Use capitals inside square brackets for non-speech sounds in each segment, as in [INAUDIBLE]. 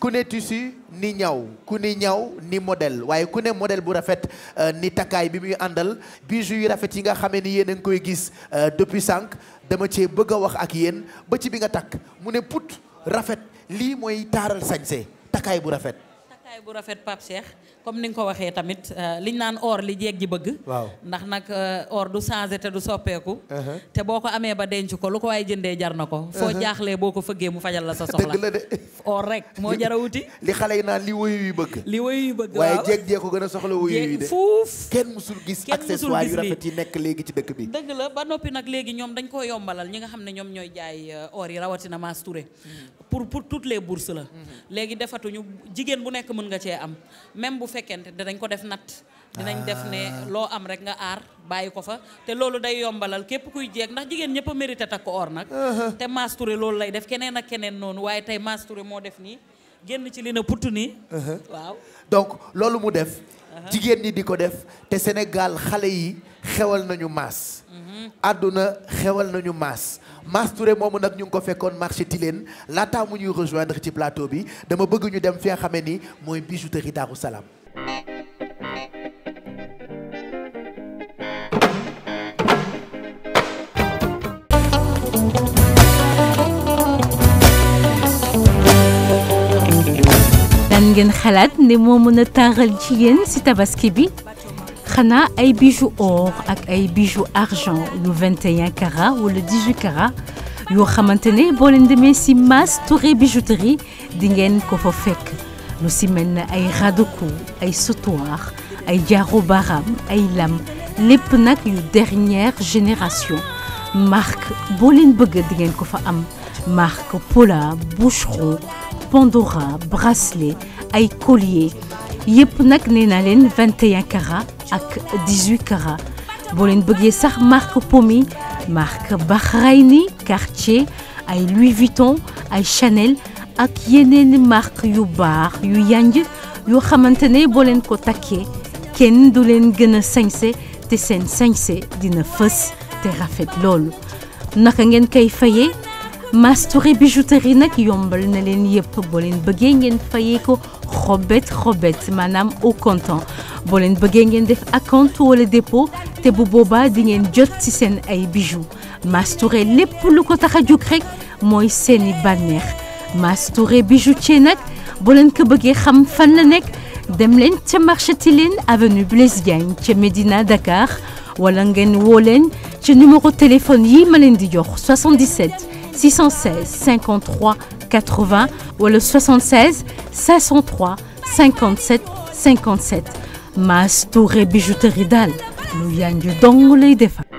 ku ne tissu ni ñaw ku ni ñaw ni modèle waaye ku ne modèle bu rafet euh, ni takkaay bi muy àndal bijoux yu rafet yi nga xamee ni yéen a koy gis euh, depuis cinq dama cee bëgg a wax ak yéen ba ci bi nga takk mu ne put rafet lii mooy taaral sañse takkaay bu rafet. takkaay bu rafet Pape Cheikh comme ni nga ko waxee tamit euh, liñ naan or li jeeg ji bëgg. waaw ndax nag euh, or du te du soppeeku. Uh-huh. te boo ko amee ba denc ko lu ko waaye jëndee jar na ko. foo uh-huh. jaaxlee boo ko fëggee mu fajal la sa soxla. dëgg la de rek moo jar a wuti. [LAUGHS] xale yi naan li woyu bëgg. li woyu bëgg jee ko gën a soxla woyu yu de. fuuf kenn musul gis. kenn musul gis yu rafet yi nekk léegi ci dëkk bi. dëgg la ba noppi nag léegi ñoom dañ koo yombalal ñi nga xam ne ñoom ñooy jaay euh, or yi rawatina Mass Touré mm-hmm. pour pour toutes les bourses la mm-hmm. léegi defatuñu jigéen bu nekk mën nga cee am même bu fekkee fekkente danañ ko def natt. dinañ ah. def ne loo am rek nga aar bàyyi ko fa te loolu day yombalal képp kuy jeeg ndax jigéen ñëpp a mérité takk or nag. te Mass loolu lay def keneen ak keneen noonu waaye tey Mass Touré moo def nii génn ci li na putt nii. waaw donc loolu mu def. jigéen ñi di ko def te Sénégal xale yi xewal nañu Mass. Mhm. àdduna xewal nañu Mass Mass Touré moomu nag ñu ngi ko fekkoon marché Tilène laataa mu ñuy rejoindre ci plateau bi dama bëgg ñu dem fi nga xamee ni mooy bijouterie Darou Salam. lan ngeen xalaat ne moo mën a taaral jigéen ci tabaski bi xanaa ay bijoux or ak ay bijoux argent yu 21 carats wala 18 yoo xamante ne boo leen demee si Mass Touré bijouterie di ngeen ko fa fekk lu ci mel ne ay radoku ay sautoir ay jaaro baram ay lam lépp nag yu dernière génération marque boo leen bëgg di ngeen ko fa am marque Pola Boucheron Pandora bracelet ay collier yëpp nag nee naa leen 21 carats ak 18 carats boo leen bëggee sax marque Pomi marque Bahraini Cartier ay Louis Vuitton ay Chanel ak yeneen marque yu baax yu yanj yoo xamante ne boo leen ko takkee kenn du leen gën a sañse te seen sañse dina fës te rafet loolu naka ngeen koy fayee Mastouré bijouterie nag yombal na leen yëpp boo leen bëggee ngeen fayee ko xobet xobet maanaam o comptant boo leen bëggee ngeen def acompte wala dépo te bu boobaa dingeen jot ci seen ay bijoux Mas Touré lépp lu ko tax a jóg rek mooy seeni bànneex Mas Touré bijoutier nag boo leen ko bëggee xam fan la nekk dem leen ca marché Tilène avenue Blaise Diagne ca Médina Dakar wala ngeen woo leen ci numéro téléphone yi ma leen di jox 77 616 53 80 wala 76 503 57 57 Maas Touré bijouterie daal lu yaa ngi dong lay defar.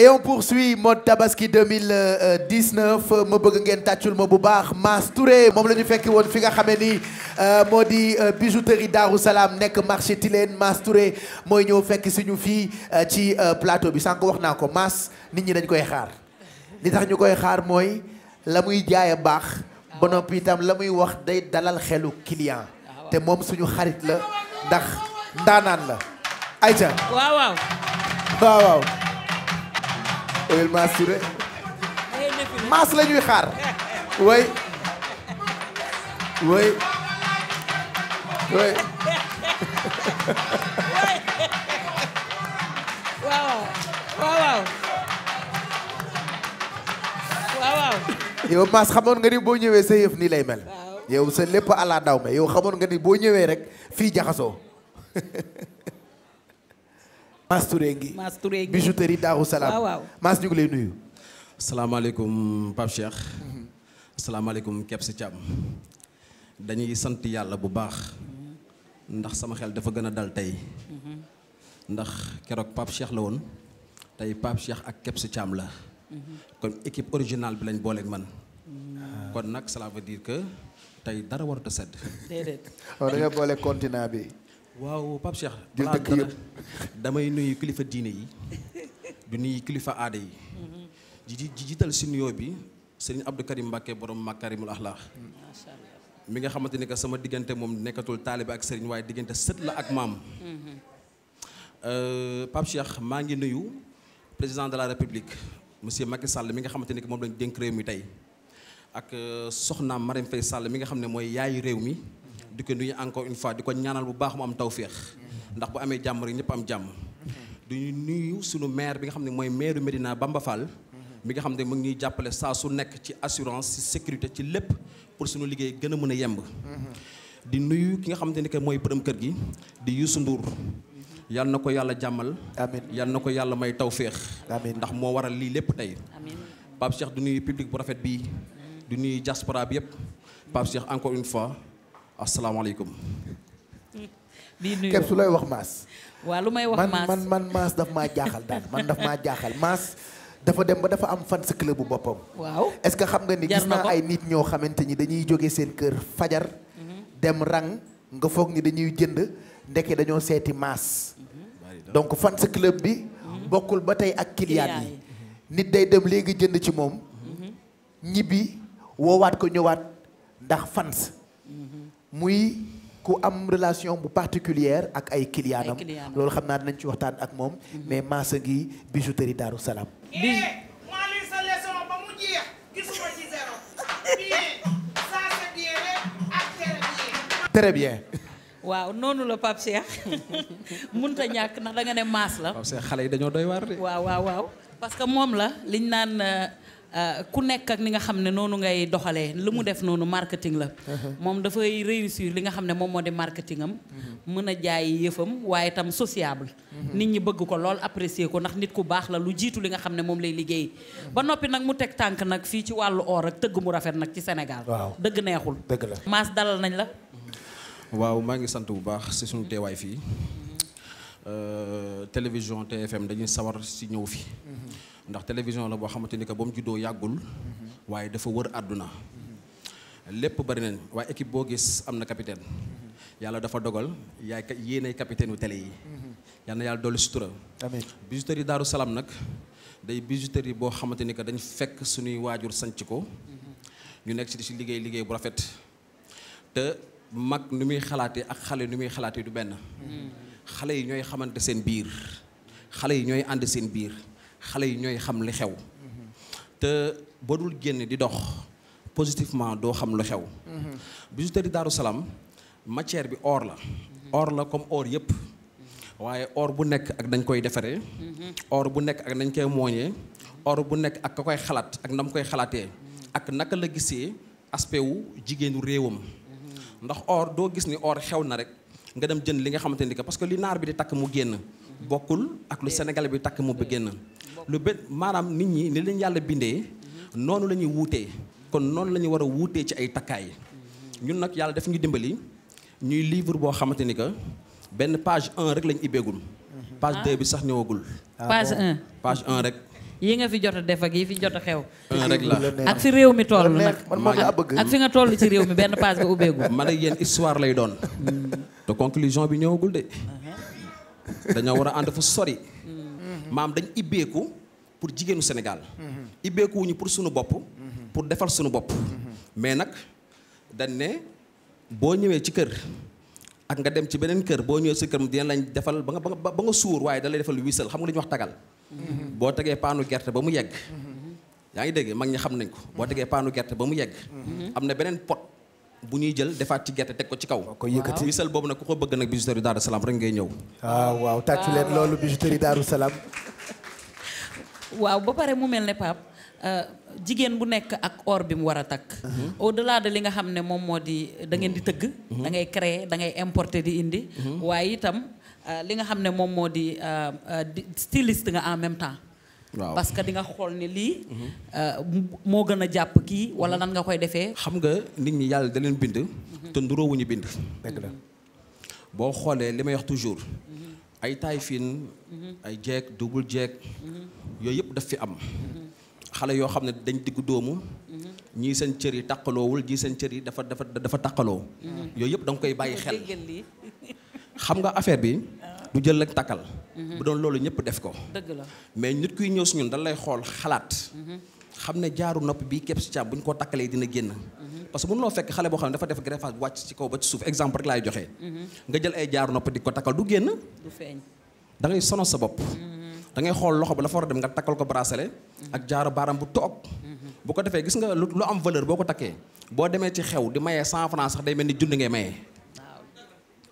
et on poursuit moo tabaski 2019 ma bëgg ngeen tàccul ma bu baax Mass Touré moom la ñu fekk woon fi nga xamee ni euh, moo di euh, bijouterie Darou Salaam nekk marché Tilène Mass Touré mooy ñëw fekk suñu fii euh, ci plateau bi sànq wax naa ko Mass nit ñi dañ koy xaar li tax ñu koy xaar mooy la muy jaay a baax ba noppi itam la muy wax day dalal xelu client te moom suñu xarit la ndax ndaanaan la Aïcha waaw waaw oyel Mass Touré Mass la ñuy xaar way way way waaw waaw waaw yow Mass xamoon nga ni boo ñëwee sa yëf nii lay mel yow sa lépp ala daw me yow xamoon nga ni boo ñëwee rek fii jaxasoo Mass Touré ngi Mass Touré ngi bijouterie Darou Salam waaw waaw Mass ñu ngi lay nuyu. salaamaaleykum Pape Cheikh. salaamaaleykum Kebs Thiam. dañuy sant yàlla bu baax. ndax sama xel dafa gën a dal tey. ndax keroog Pape Cheikh la woon. tey Pape Cheikh ak Kebs Thiam la. kon équipe originale bi lañ booleek man. kon nag cela veut dire que tey dara warut sedd. waaw Pape Cheikh. [LAUGHS] damay nuyu kilifa diine yi du nuyu kilifa aada yi. di di jiital si nuyoo bi sëriñ Abdou Karim Mbacke borom Makarimul Axlaax. mi nga xamante ni que sama diggante moom nekkatul taalibe ak sëriñ waaye diggante sët la ak maam. Euh, Pape Cheikh maa ngi nuyu président de la république monsieur Macky Sall mi nga xamante ni que moom lañ dénk réew mi tey ak euh, soxnaam Marème Faye Sall mi nga xam ne mooy yaayu réew mi. di ko nuyu encore une fois di ko ñaanal bu baax mu am tawféex ndax bu amee jàmm rek ñëpp am jàmm di nuyu sunu maire bi nga xam ne mooy maire Medina Bamba Fall mi nga xam ne mu ngi ñuy jàppale saa su nekk ci assurance ci sécurité ci lépp pour suñu liggéey gën a mën a yemb di nuyu ki nga xam ne ni que mooy borom kër gi di Youssou Ndour yal na ko yàlla jàmmal amiin na ko yàlla may tawféex amiin ndax moo waral lii lépp tey Pape Cheikh du nuyu public bu rafet bii du nuyu diaspora yëpp Pape Cheikh fois asalaamaaleykum. di nuyu su lay wax maas. waaw lu may wax maas man man maas daf maa jaaxal daal man daf maa jaaxal maas. dafa dem ba dafa am fan sa club bu boppam. waaw est-ce que xam nga ni gis naa ay nit ñoo xamante ni dañuy jóge seen kër fajar. dem rang nga foog ni dañuy jënd ndeke dañoo seeti maas. donc fan club bi. bokkul ba tey ak client yi. nit day dem léegi jënd ci moom. Mhm. ñibbi woowaat ko ñëwaat ndax fans muy ku am relation bu particulière ak ay clientam loolu xam naa dinañ ci waxtaan ak moom mhm. mais maasa ngi bijouterie Daaru Salaam eh, ah, très bien waaw noonu la Pape [LAUGHS] munta ñàkk ndax da nga ne maas la Pape xale yi dañoo doy waar de waaw waaw waaw parce que moom la liñ naan euh, Euh, ku nekk ak ni nga xam ne noonu ngay doxalee lu mu def noonu marketing la uh-huh. moom dafay réussir li nga xam ne moom moo di marketing am uh-huh. mën a jaay yëfam waaye itam sociable uh-huh. nit ñi bëgg ko lool apprécier ko ndax nit ku baax la lu jiitu li nga xam ne moom lay liggéey ba noppi nag mu teg tànk nag fii ci wàllu or ak tëgg mu rafet nag ci Sénégal waaw dëgg neexul dëgg la Mass dalal nañ la waaw maa ngi sant bu baax si suñu teewaay fii uh, télévision TFM dañuy sawar si ñëw fi ndax télévision la boo xamante ni que ba mu juddoo yàggul waaye dafa wër àdduna lépp bari nañ waaye équipe boo gis am na capitaine yàlla dafa dogal yaay yéenay capitaine yu tele yi yal na yàlla dolli sutura amiin bijouterie Daaru Salaam nag day bijouterie boo xamante ni que dañ fekk suñuy waajur sanc ko ñu nekk ci di si liggéey liggéey bu rafet te mag nu muy xalaatee ak xale nu muy xalaatee du benn mm. xale yi ñooy xamante seen biir xale yi ñooy ànd seen biir xale yi ñooy xam li xew te boo dul génn di dox positivement doo xam lu xew bijouterie Daaru Salaam matière bi or la or la comme or yëpp waaye or bu nekk ak dañ koy defaree or bu nekk ak nañ koy mooñee or bu nekk ak ka koy xalaat ak nam koy xalaatee ak naka la gisee aspect wu jigéenu réewam ndax or doo gis ni or xew na rek nga dem jën li nga xamante ni que parce li naar bi di takk mu génn bokkul ak lu sénégalais bi takk mu bëggee na lu bët maanaam nit ñi li leen yàlla bindee mhm. noonu la ñuy wuutee kon noonu la ñu war a wuutee ci ay takkaay mhm. ñun nag yàlla def ñu dimbali ñuy livre boo xamante ni que benn page un rek lañu ibbeegul mhm. page 2 ah. bi sax ñëwagul. Ah page 1 page 1 rek. yi nga fi jot a def ak yi fi jot a xew. rek la ak fi réew mi toll nag ak fi nga toll ci réew mi benn page ba ubbeegul. man ak yéen histoire lay doon. Mm. te conclusion bi ñëwagul de. Ah. dañoo war a ànd fu sori. maam dañ ibbeeku pour jigéenu Sénégal. ibbeeku wuñu pour suñu bopp. pour defal suñu bopp. mais nag dañ ne boo ñëwee ci kër. ak nga dem ci beneen kër boo ñëwee sa kër dina lañ defal ba nga ba nga suur waaye da lay defal wiisal xam nga li ñuy wax tagal. boo tegee paanu gerte ba mu yegg. yaa ngi dégg mag ñi xam nañ ko. boo tegee paanu gerte ba mu yegg. am na beneen pot bu ñuy jël defaat ci gerte teg ko ci kaw. ko wisal boobu nag ku ko bëgg nag bijouterie Daaru Salaam rek ngay ñëw. waaw ah, waaw tàccu leen loolu bijouterie Daaru Salaam. waaw ba pare mu mel ne Pape euh, jigéen bu nekk ak or bi mu war a takk. Mhm. au delà de li nga xam ne moom moo di da ngeen di tëgg. Mhm. da ngay créer da ngay importer di indi. Mhm. waaye itam euh, li nga xam ne moom moo di euh, styliste nga en même temps. waaw parce que di nga xool ne lii. Mhm. Euh, moo gën a jàpp kii wala nan nga koy defee. xam nga nit ñi yàlla da bind. Mhm. te nduroowuñu bind. dëgg boo xoolee li may wax toujours. Mhm. ay taay fiin ay jeeg double jeeg. yooyu yëpp daf fi am. xale yoo xam ne dañ diggu doomu. ñii seen cër yi taqaloowul ñii seen cër yi dafa dafa dafa taqaloo. yooyu yëpp da nga koy bàyyi xel. xam nga affaire bi. du jël rek takkal. Mhm. bu doon loolu ñëpp def ko. dëgg la mais nit kuy ñëw si ñun dañ lay xool xalaat. Mhm. xam ne jaaru nopp bi képp si caab bu ñu ko takkalee dina génn. Mhm. parce que mënuloo fekk xale boo xam ne dafa def greffage wàcc ci kaw ba ci suuf exemple rek joxe. nga jël ay jaaru nopp di ko takkal du génn. du feeñ da ngay sono sa bopp. da ngay xool loxo ba dafa war a dem nga takkal ko bracelet. ak jaaru baaram bu toog. bu ko defee gis nga lu am valeur boo ko takkee boo demee ci xew di mayee cent francs sax day mel ni junni ngay mayee.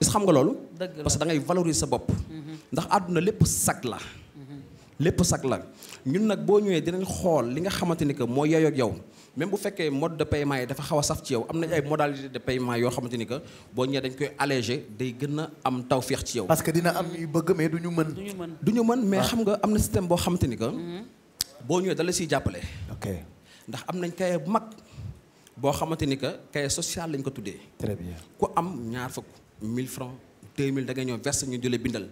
est xam nga loolu. parce que da ngay valoriser sa bopp. Mm-hmm. ndax àdduna lépp sag la. Mm-hmm. lépp sag la ñun nag boo ñëwee dinañ xool li nga xamante ni que moo yeyoo ak yow même bu fekkee mode de paiement yi dafa xaw a saf ci yow am nañ ay modalité de paiement yoo ni que boo ñëwee dañ koy allégé day gën a am tawféex ci yow. parce que dina am ñuy bëgg mais du ñu mën. du mën du ñu mais ah. xam nga am na système boo xamante ni que. Mm-hmm. boo ñëwee da siy jàppale. ok ndax am nañ kay bu mag boo xamante ni que kay social lañ ko tuddee. très bien ku am ñaar fukk. 1000 francs 2000 da ngay ñëw verse ñu jëlee bindal.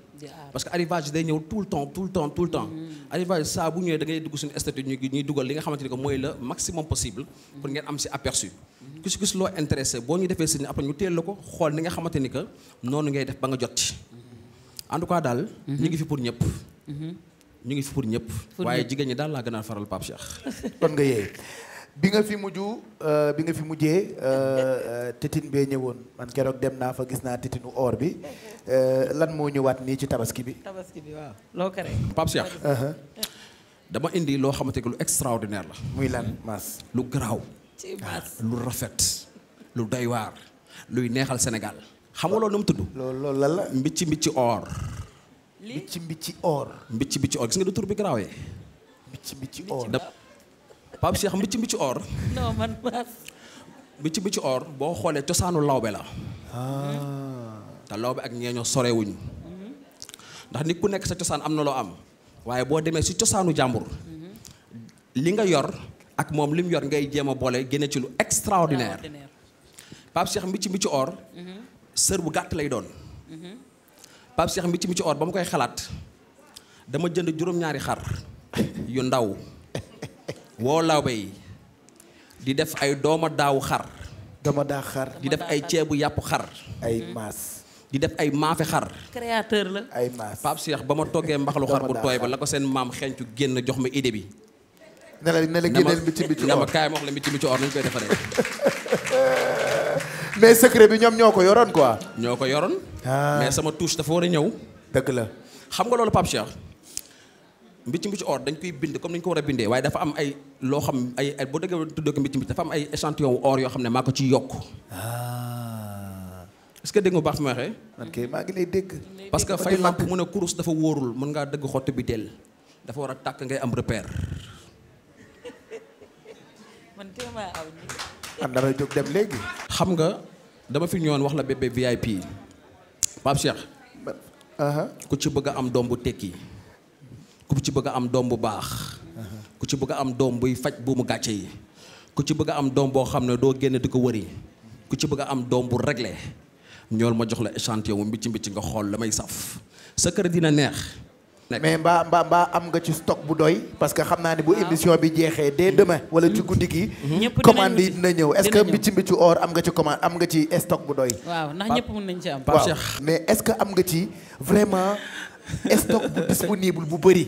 parce que arrivage day ñëw tout le temps tout le temps mm. arrivage saa bu ñëwee da ngay dugg suñu statut ñu dugal li nga xamante ni que mooy le maximum possible. pour ngeen am si aperçu. Mm-hmm. ku si gis loo intéressé boo ñu defee si après ñu teel la ko xool ni nga xamante ni noonu ngay def ba nga jot ci. Mm-hmm. en tout cas daal. Mm-hmm. ñu ngi fi pour ñëpp. ñu ngi fi pour ñëpp. waaye jigéen ñi daal laa gën a faral Pape [LAUGHS] nga yee. bi nga fi mujj euh, bi nga fi mujjee euh, euh, titin bee ñëwoon man keroog dem naa fa gis naa titinu or bi lan moo ñëwaat nii ci tabaski bi. tabaski bi uh-huh. dama indi loo xamante ne lu extraordinaire la. muy lan Mass. lu garaaw. ci Mass lu rafet. lu doy luy neexal Sénégal. xam nga loolu nu mu tudd. loolu loolu lan mbicci mbicci or. li mbicci mbicci or. mbicci mbicci or gis nga du tur bi garaawee. mbicci mbicci or. Pape Cheikh mbicc mbicc or. non man baas. mbicc mbicc or boo xoolee cosaanu lawbe la. Ah. te lawbe ak ñeeño sorewuñu ndax nit ku nekk sa cosaan am na loo am waaye boo demee si cosaanu jàmbur. Mhm. li nga yor ak moom li mu yor ngay jéem a boole génne ci lu extraordinaire. Pape Cheikh mbicc mbicc or. Mhm. sër bu gàtt lay doon. Mhm. Pape Cheikh mbicc mbicc or ba mu koy xalaat dama jënd juróom-ñaari xar yu ndaw. woo lawbe yi di def ay dooma daaw xar. dooma daaw xar. di def ay ceebu yàpp xar. ay maas. di def ay maafe xar. créateur la. ay maas Pape Cheikh ba ma toggee mbaxalu xar bu tooy ba la ko seen maam xencu génn jox ma idée bi. ne la ne la génneel mi na ma kaay ma la mi ci mi ci or nañu koy defaree. [LAUGHS] mais secret bi ñoom ñoo ko yoroon quoi. ñoo ko yoroon. Ah. mais sama touche dafa war a ñëw. dëgg la xam nga loolu Pape mbicc mbicc or dañ koy bind comme dañ ko war a bindee waaye dafa am ay loo xam ay ay boo déggee tuddee ko mbicc mbicc dafa am ay échantillon wu yoo xam ne maa ko ci yokk. Ah. est-ce que dégg nga baax fi ma waxee. man kay parce que fay làmp mu ne kurus dafa wóorul mën ngaa dëgg xott bi del dafa war a tàkk ngay am repère. man kay am damay jóg dem léegi. xam nga dama fi ñëwoon wax la bébé VIP Pape Cheikh. ku ci bëgg am doom bu tekki. ku ci bëgg am doom bu baax ku ci bëgg am doom buy faj buumu gàcce yi ku ci bëgg am doom boo xam ne doo génn di ko wëri ku ci bëgg am doom bu réglé ñool ma jox la échantillon mu mbicc mbicc nga xool la may saf sa kër dina neex mais mbaa mbaa mbaa am nga ci stock bu doy parce que xam naa ne bu ah. émission bi jeexee dès demain wala ci guddi gi commande yi dina ñëw est-ce que mbicci mbicci or am nga ci commande am nga ci stock bu doy waaw ndax ñëpp mën nañ ci am Pape Cheikh mais est que am nga ci vraiment stock bu disponible bu bëri.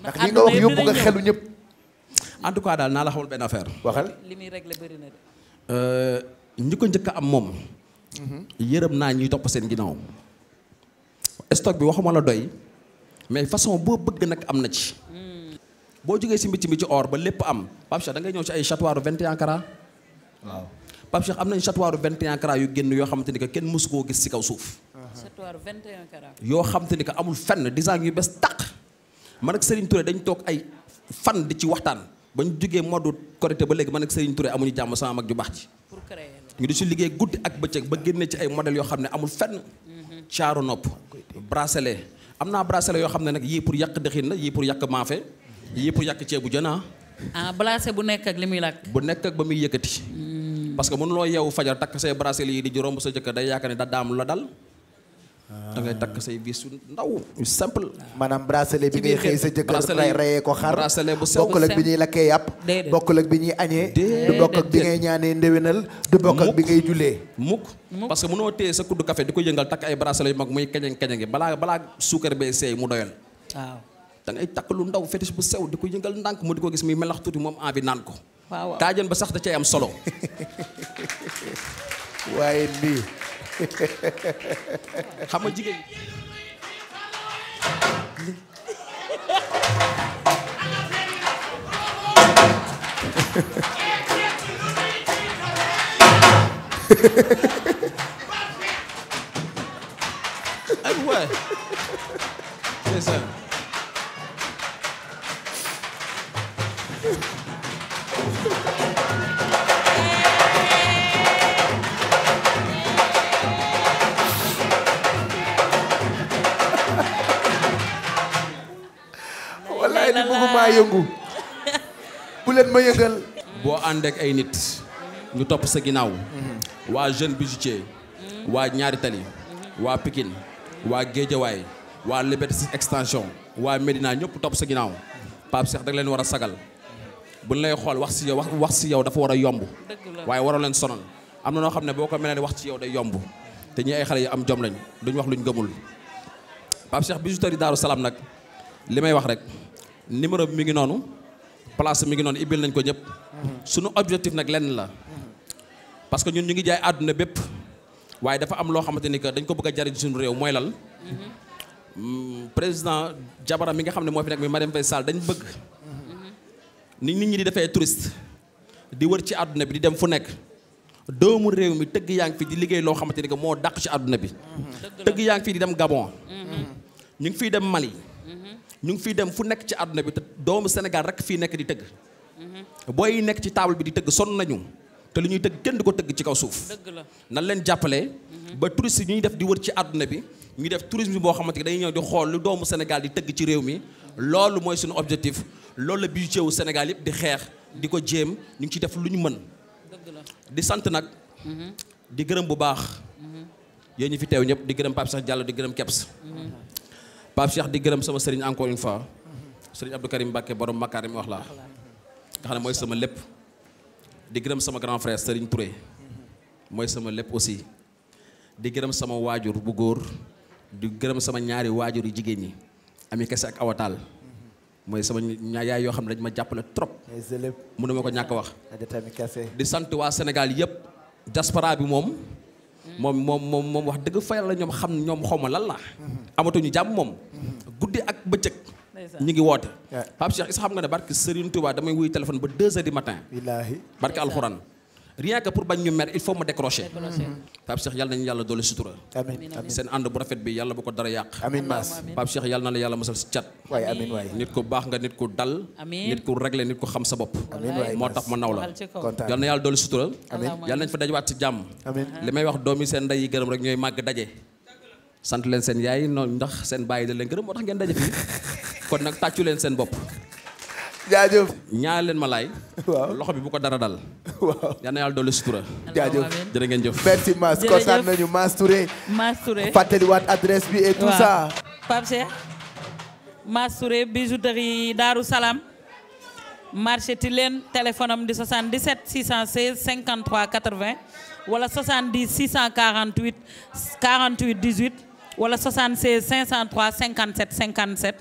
ndax li nga wax yóbbu nga xelu ñëpp. en tout cas daal naa la xamul benn affaire. waxal li muy réglé bëri na de. Euh, ñi njëkk am moom. Mhm. yërëm naa ñuy topp seen ginnaaw. stock bi waxuma la doy. mais façon boo bëgg nag am na ci. Hmm. boo jógee si mbici ci or ba lépp am Pape Cheikh da ngay ñëw ci ay chatoiru 21 carats. waaw. Pape Cheikh am nañ chatoiru 21 carats yu génn yoo xamante ni que kenn mësu koo gis ci kaw suuf. chatoiru 21 yoo xamante ni que amul fenn design yu bees tàq man ak Serigne Touré dañu toog ay fan di ci waxtaan ba ñu jugee mode Korité ba léegi man ak Serigne Touré amuñu jàmm sama mag ju baax ci. pour créer ñu di ci liggéey ak bëccëg ba génne ci ay modèles yoo xam ne amul fenn. Mhm. caaru nopp bracelet am naa bracelet yoo xam ne nag yii pour yàq dëxin la yii pour yàq maafe yii pour yàq ceebu jën ah. ah bracelet bu nekk ak li muy lakk. bu nekk ak ba muy yëkkati. Mhm. parce que mënuloo yeewu fajar takk say bracelet yi di ji romb sa jëkkër day yaakaar ne da daam la dal. da takk say vis su ndaw simple. maanaam bracelet bi ngay xëy sa jëkkër ray rayee ko xar. bracelet bu bokkul ak bi ñuy lakkee yàpp. bi ñuy añee. du bokk ak bi ngay ñaanee bi ngay jullee. mukk parce que mënoo téye di ko yëngal takk ay bracelet yu mag muy keñeŋ keñeŋ balaa balaa suukar bee seey mu doyal. waaw da takk lu ndaw fétiche bu sew di ko yëngal ndànk mu di ko gis muy melax tuuti moom envie naan ko. waaw taajan ba sax da cay am solo. waaye lii. xam nga jigéen. [LAUGHS] ay waay. c'est ça. waa yëngu bu leen ma yëngal boo àndeek ay nit ñu topp sa ginnaaw waa jeune bijoutier waa ñaari tali waa pikin waa Géejawaay waa Liberté extension waa Médina ñëpp topp sa ginnaaw Pape Cheikh da leen war a sagal bu ñu lay xool wax si yow wax si yow dafa war a yomb waaye waroo leen sonal am na noo xam ne boo ko melee wax ci yow day yomb te ñi ay xale yu am jom lañ duñ wax luñ gëmul Pape Cheikh bijouterie Daaru Salaam nag li may wax rek numéro bi mi ngi noonu place mi ngi noonu ibbil nañ ko ñëpp suñu objectif nag lenn la parce que ñun ñu ngi jaay àdduna bépp waaye dafa am loo xamante ni que dañ ko bëgg a jariñ suñu réew mooy lal mm, président Jabara mi nga xam ne moo fi nekk mi Marième Faye Sall dañ bëgg nit ñi di defee touriste di wër ci àdduna bi di dem fu nekk doomu réew mi tëgg yaa ngi fi di liggéey loo xamante ni que moo dàq ci àdduna bi tëgg yaa ngi fi di dem Gabon mm-hmm. ñu ngi fiy dem Mali mm-hmm. ñu ngi fiy dem fu nekk ci àdduna bi te doomu Sénégal rek fii nekk di tëgg. booy nekk ci taabal bi di tëgg sonn nañu te li ñuy tëgg kenn di ko tëgg ci kaw suuf. dëgg la nan leen jàppale. ba touriste yi ñuy def di wër ci àdduna bi. ñu def tourisme boo xamante ni dañuy ñëw di xool lu doomu Sénégal di tëgg ci réew mi loolu mooy suñu objectif loolu la budget wu Sénégal yëpp di xeex di ko jéem ñu ngi ciy def lu ñu mën. di sant nag. Mhm. di gërëm bu baax. Mhm. yéen ñu fi teew ñëpp di gërëm Pape Cheikh Diallo di gërëm Kebs. Mhm. Pape Cheikh di gërëm sama sëriñ encore une fois sëriñ Abdou Karim Mbacke borom Makarim wax laa nga xam ne mooy sama lépp di gërëm sama grand frère sëriñ Touré mooy sama lépp aussi di gërëm sama waajur bu góor di gërëm sama ñaari waajur yu jigéen ñi ami kese ak awataal mooy sama yaay yoo xam ne dañ ma jàppale trop mënu ma ko ñàkk wax di sant waa Sénégal yëpp diaspora bi moom moom moom moom moom wax dëgg fa yàlla ñoom xam ñoom xawma lan la amatuñu jàmm moom guddi ak bëccëg ñu ngi woote Pape Cheikh xam nga ne barke Serigne Touba damay wuy téléphone ba deux heures du matin barke alxuraan rien que pour bañ ñu mer il faut ma décrocher. Mm-hmm. Pape Cheikh nañu yàlla doole sutura. seen ànd bu rafet bi yàlla bu ko dara yàq. amiin maas Pape Cheikh yàlla na la yàlla mosal si cat. waay amiin waay nit ku baax nga nit ku dal. nit ku réglé nit ku xam sa bopp. amiin moo tax ma naw la. kontaan yàlla na yàlla doole sutura. amiin yàlla nañu fa dajewaat si jàmm. li may wax doomi seen ndey yi gërëm rek ñooy màgg daje. sant leen seen yaay noonu ndax seen bàyyi da leen gërëm moo tax ngeen daje fii [LAUGHS] kon nag tàccu leen seen bopp jaajëf ñaa leen ma laay. loxo bi bu ko dara dal. waaw yal na yàlla dolli sutura. jaajëf jërë ngeen merci Mass kontaan nañu Mass Touré. Mass Touré fàttaliwaat bi et tout ça. Pape Cheikh Mass Touré bijouterie Daaru Salaam. marché Tilène téléphone am di 77 616 53 80 wala 70 648 48 18 wala 76 503 57 57.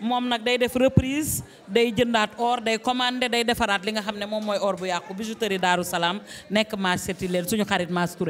moom nag day def reprise day jëndaat or day commandé day defaraat li nga xam ne moom mooy or bu yàqu bijouterie Daaru Salaam nekk Mass Setti leen suñu xarit Mass